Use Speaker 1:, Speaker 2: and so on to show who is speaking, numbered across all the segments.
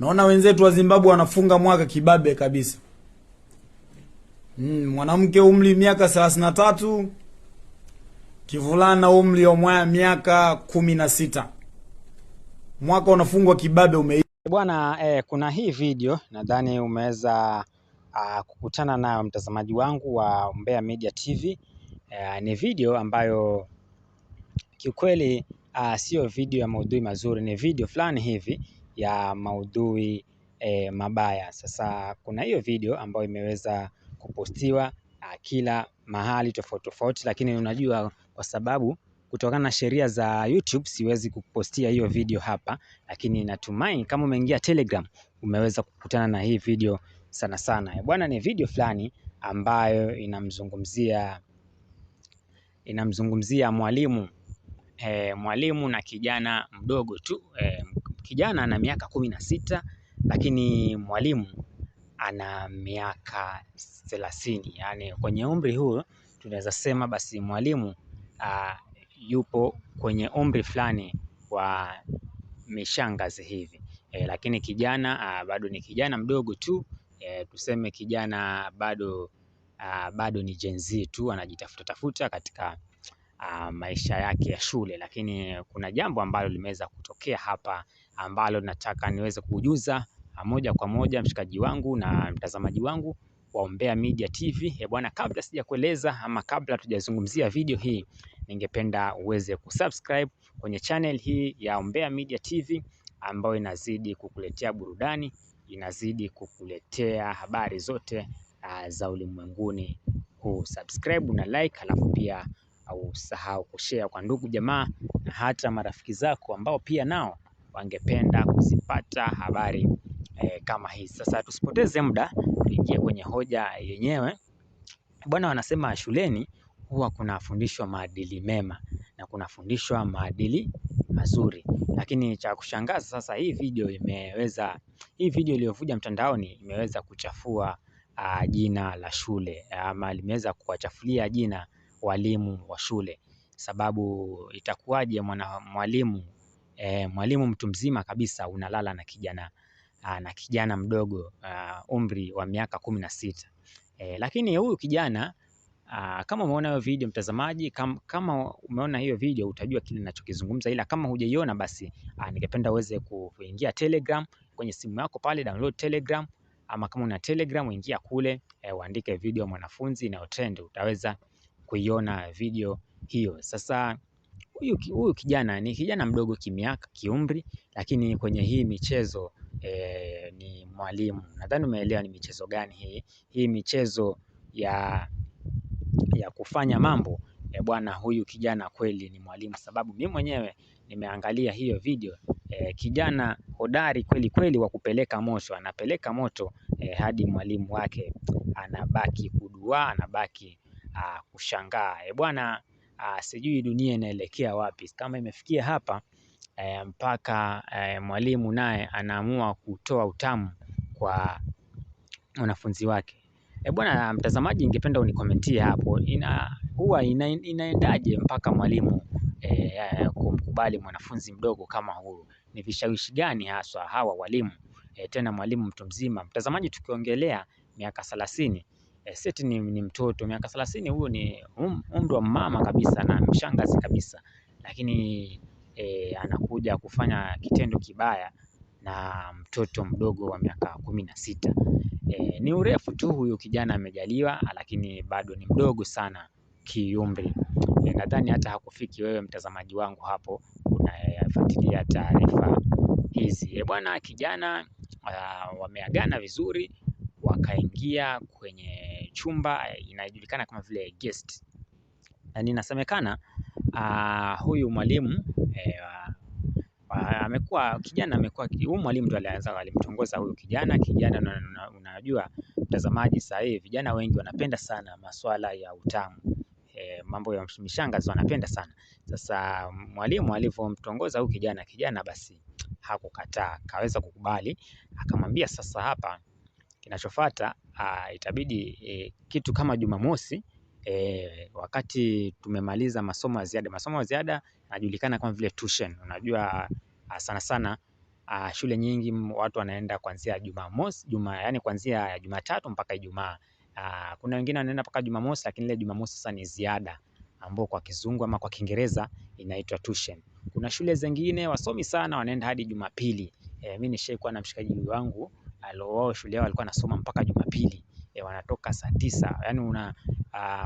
Speaker 1: Naona wenzetu wa Zimbabwe wanafunga mwaka kibabe kabisa. Mm, mwanamke umri miaka thelathini na tatu, kivulana umri wa mwa miaka kumi na sita. Mwaka unafungwa kibabe ume
Speaker 2: bwana. Eh, kuna hii video nadhani umeweza uh, kukutana nayo mtazamaji wangu wa Umbea Media TV. Eh, ni video ambayo kiukweli uh, sio video ya maudhui mazuri, ni video fulani hivi ya maudhui eh, mabaya. Sasa kuna hiyo video ambayo imeweza kupostiwa ah, kila mahali tofauti tofauti lakini unajua kwa sababu kutokana na sheria za YouTube siwezi kupostia hiyo video hapa lakini natumai kama umeingia Telegram umeweza kukutana na hii video sana sana. Eh, bwana ni video fulani ambayo inamzungumzia inamzungumzia mwalimu e, mwalimu na kijana mdogo tu e, Kijana ana miaka kumi na sita lakini mwalimu ana miaka thelathini yani kwenye umri huu tunaweza sema basi mwalimu yupo kwenye umri fulani wa mishangazi hivi. E, lakini kijana bado ni kijana mdogo tu e, tuseme kijana bado bado ni Gen Z tu anajitafuta tafuta katika maisha yake ya shule lakini kuna jambo ambalo limeweza kutokea hapa ambalo nataka niweze kuujuza ah, moja kwa moja mshikaji wangu na mtazamaji wangu wa Umbea Media TV. E eh, bwana, kabla sijakueleza ama kabla tujazungumzia video hii, ningependa uweze kusubscribe kwenye channel hii ya Umbea Media TV ambayo inazidi kukuletea burudani, inazidi kukuletea habari zote uh, za ulimwenguni. Kusubscribe na like, alafu pia ah, usahau kushare kwa ndugu jamaa na hata marafiki zako ambao pia nao wangependa kuzipata habari eh, kama hii. Sasa tusipoteze muda, tuingie kwenye hoja yenyewe. Bwana, wanasema shuleni huwa kunafundishwa maadili mema na kunafundishwa maadili mazuri, lakini cha kushangaza sasa, hii video imeweza, hii video iliyovuja mtandaoni imeweza kuchafua uh, jina la shule ama limeweza kuwachafulia jina walimu wa shule, sababu itakuwaje mwana mwalimu e, mwalimu mtu mzima kabisa unalala na kijana ah, na kijana mdogo ah, umri wa miaka kumi na sita e, eh, lakini huyu kijana a, ah, kama umeona hiyo video mtazamaji, kama, kama umeona hiyo video utajua kile ninachokizungumza, ila kama hujaiona basi ningependa uweze kuingia Telegram kwenye simu yako pale, download Telegram ama kama una Telegram ingia kule e, uandike video mwanafunzi inayotrend, utaweza kuiona video hiyo sasa huyu kijana ni kijana mdogo kimiaka kiumri, lakini kwenye hii michezo e, ni mwalimu. Nadhani umeelewa ni michezo gani hii. Hii michezo ya, ya kufanya mambo e, bwana huyu kijana kweli ni mwalimu, sababu mimi mwenyewe nimeangalia hiyo video e, kijana hodari kweli kweli wa kupeleka moto, anapeleka moto e, hadi mwalimu wake anabaki kudua anabaki a, ah, kushangaa e, bwana uh, sijui dunia inaelekea wapi. Kama imefikia hapa eh, mpaka eh, mwalimu naye anaamua kutoa utamu kwa wanafunzi wake. E bwana mtazamaji, ningependa unikomentie hapo ina, huwa ina, inaendaje mpaka mwalimu eh, kumkubali mwanafunzi mdogo kama huyu? Ni vishawishi gani haswa hawa walimu eh, tena mwalimu mtu mzima? Mtazamaji, tukiongelea miaka thelathini Eh, Seth ni, ni mtoto miaka thelathini, huyo ni um, umri wa mama kabisa na mshangazi kabisa, lakini e, anakuja kufanya kitendo kibaya na mtoto mdogo wa miaka kumi na sita. E, ni urefu tu huyu kijana amejaliwa, lakini bado ni mdogo sana kiumri. E, nadhani hata hakufiki wewe mtazamaji wangu hapo unayafuatilia taarifa hizi. E, bwana kijana ah, wameagana vizuri wakaingia kwenye chumba eh, inajulikana kama vile guest, na ninasemekana uh, huyu mwalimu eh, amekuwa kijana amekuwa huyu mwalimu ndo alianza alimtongoza huyu kijana kijana. Unajua mtazamaji, sasa hivi vijana wengi wanapenda sana masuala ya utamu e, mambo ya mishanga wanapenda sana. Sasa mwalimu alivyomtongoza huyu kijana kijana, basi hakukataa, kaweza kukubali, akamwambia sasa, hapa kinachofuata uh, itabidi e, kitu kama Jumamosi e, wakati tumemaliza masomo ya ziada. Masomo ya ziada najulikana kama vile tuition. Unajua uh, sana sana uh, shule nyingi watu wanaenda kuanzia Jumamosi, Juma yani kuanzia Jumatatu mpaka Ijumaa. Uh, kuna wengine wanaenda mpaka Jumamosi, lakini ile Jumamosi sasa ni ziada ambao kwa Kizungu ama kwa Kiingereza inaitwa tuition. Kuna shule zingine wasomi sana wanaenda hadi Jumapili. E, mimi nishaikuwa na mshikaji wangu wao shule yao walikuwa nasoma mpaka Jumapili e, wanatoka saa tisa yani una,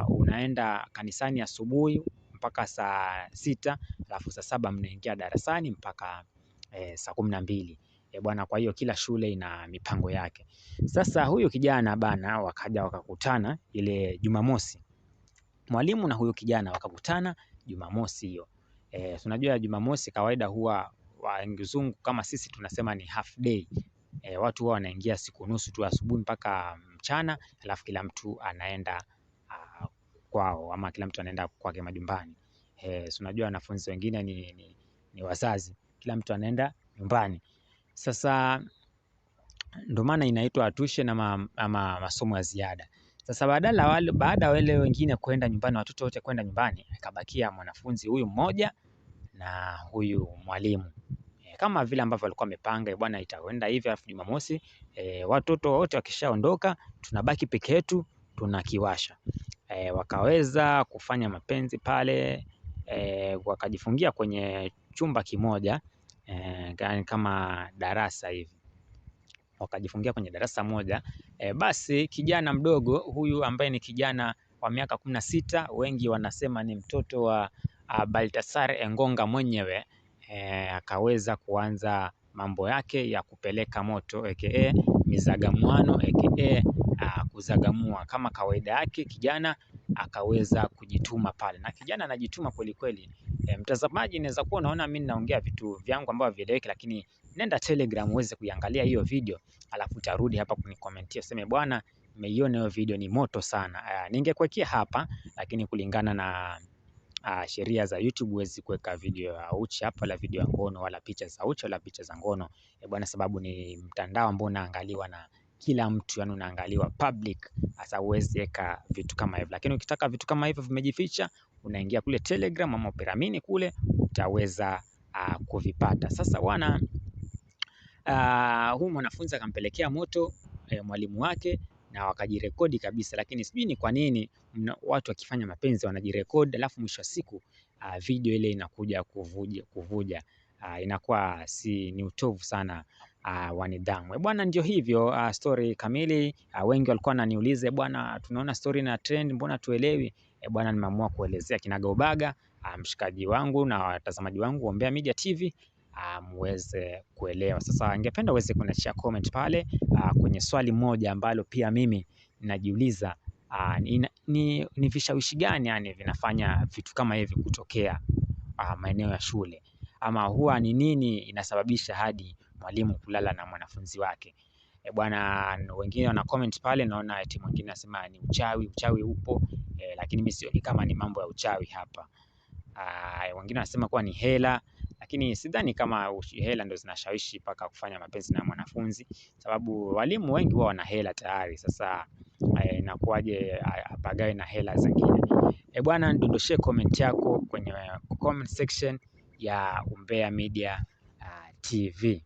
Speaker 2: uh, unaenda kanisani asubuhi mpaka saa sita alafu saa saba mnaingia darasani mpaka e, saa kumi na mbili e, bwana. Kwa hiyo kila shule ina mipango yake. Sasa huyu kijana bana, wakaja wakakutana ile Jumamosi, mwalimu na huyu kijana wakakutana Jumamosi hiyo. E, tunajua Jumamosi kawaida huwa wazungu kama sisi tunasema ni half day, e, watu huwa wanaingia siku nusu tu asubuhi mpaka mchana, alafu kila mtu anaenda a, kwao ama kila mtu anaenda kwake majumbani. E, si unajua wanafunzi wengine ni, ni, ni wazazi, kila mtu anaenda nyumbani. Sasa ndio maana inaitwa tushe na ma, ama masomo ya ziada. Sasa badala wale, baada wale wengine kwenda nyumbani, watoto wote kwenda nyumbani, akabakia mwanafunzi huyu mmoja na huyu mwalimu kama vile ambavyo walikuwa wamepanga eh, bwana, itaenda hivi alafu Jumamosi e, watoto wote wakishaondoka tunabaki peke yetu tunakiwasha. E, wakaweza kufanya mapenzi pale e, wakajifungia kwenye chumba kimoja e, kama darasa hivi wakajifungia kwenye darasa moja e, basi kijana mdogo huyu ambaye ni kijana wa miaka kumi na sita wengi wanasema ni mtoto wa ah, Baltasar Engonga mwenyewe eh, akaweza kuanza mambo yake ya kupeleka moto aka mizagamwano aka ah, kuzagamua kama kawaida yake. Kijana akaweza kujituma pale, na kijana anajituma kweli kweli. E, mtazamaji, naweza kuwa unaona mimi ninaongea vitu vyangu ambavyo vieleweki, lakini nenda Telegram uweze kuiangalia hiyo video, alafu utarudi hapa kunikomentia useme bwana, nimeiona hiyo video ni moto sana. E, ningekuwekea hapa, lakini kulingana na uh, sheria za YouTube huwezi kuweka video ya uchi hapa wala video ya ngono wala picha za uchi wala picha za ngono e bwana, sababu ni mtandao ambao unaangaliwa na kila mtu, yani unaangaliwa public. Sasa huwezi weka vitu kama hivyo, lakini ukitaka vitu kama hivyo vimejificha, unaingia kule Telegram ama Piramini kule utaweza uh, kuvipata. Sasa wana uh, ah, huyu mwanafunzi akampelekea moto eh, mwalimu wake na wakajirekodi kabisa, lakini sijui ni kwa nini watu wakifanya mapenzi wanajirekodi, alafu mwisho wa siku uh, video ile inakuja kuvuja, kuvuja. Uh, inakuwa si ni utovu sana uh, wa nidhamu eh, bwana. Ndio hivyo uh, story kamili uh, wengi walikuwa wananiuliza eh, bwana, tunaona story na trend, mbona tuelewi eh, bwana? Nimeamua kuelezea kinagaubaga uh, mshikaji wangu na watazamaji wangu ombea Media TV muweze um, kuelewa. Sasa ningependa uweze kuniachia comment pale uh, kwenye swali moja ambalo pia mimi najiuliza uh, ni ni, ni vishawishi gani yani vinafanya vitu kama hivi kutokea uh, maeneo ya shule ama huwa ni nini inasababisha hadi mwalimu kulala na mwanafunzi wake E bwana wengine wana comment pale naona eti mwingine anasema ni uchawi, uchawi upo e, lakini mimi sioni kama ni mambo ya uchawi hapa ah, wengine wanasema kuwa ni hela lakini sidhani kama hela ndo zinashawishi mpaka kufanya mapenzi na mwanafunzi, sababu walimu wengi huwa wana hela tayari. Sasa eh, inakuwaje ah, apagawe na hela zingine? E bwana, ndondoshe comment yako kwenye comment section ya Umbea Media ah, TV.